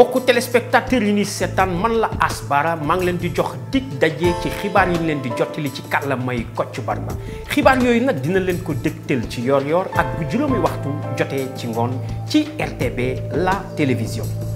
mbokku téléspectateurs yi ni seetaan man la asbara maa ngi leen di jox dig daje ci xibaar yi leen di jottali ci kàlla may Kocc Barma xibaar yooyu nag dina leen ko dégtal ci yoor yoor ak bu juróomi waxtu jotee ci ngoon ci RTB la télévision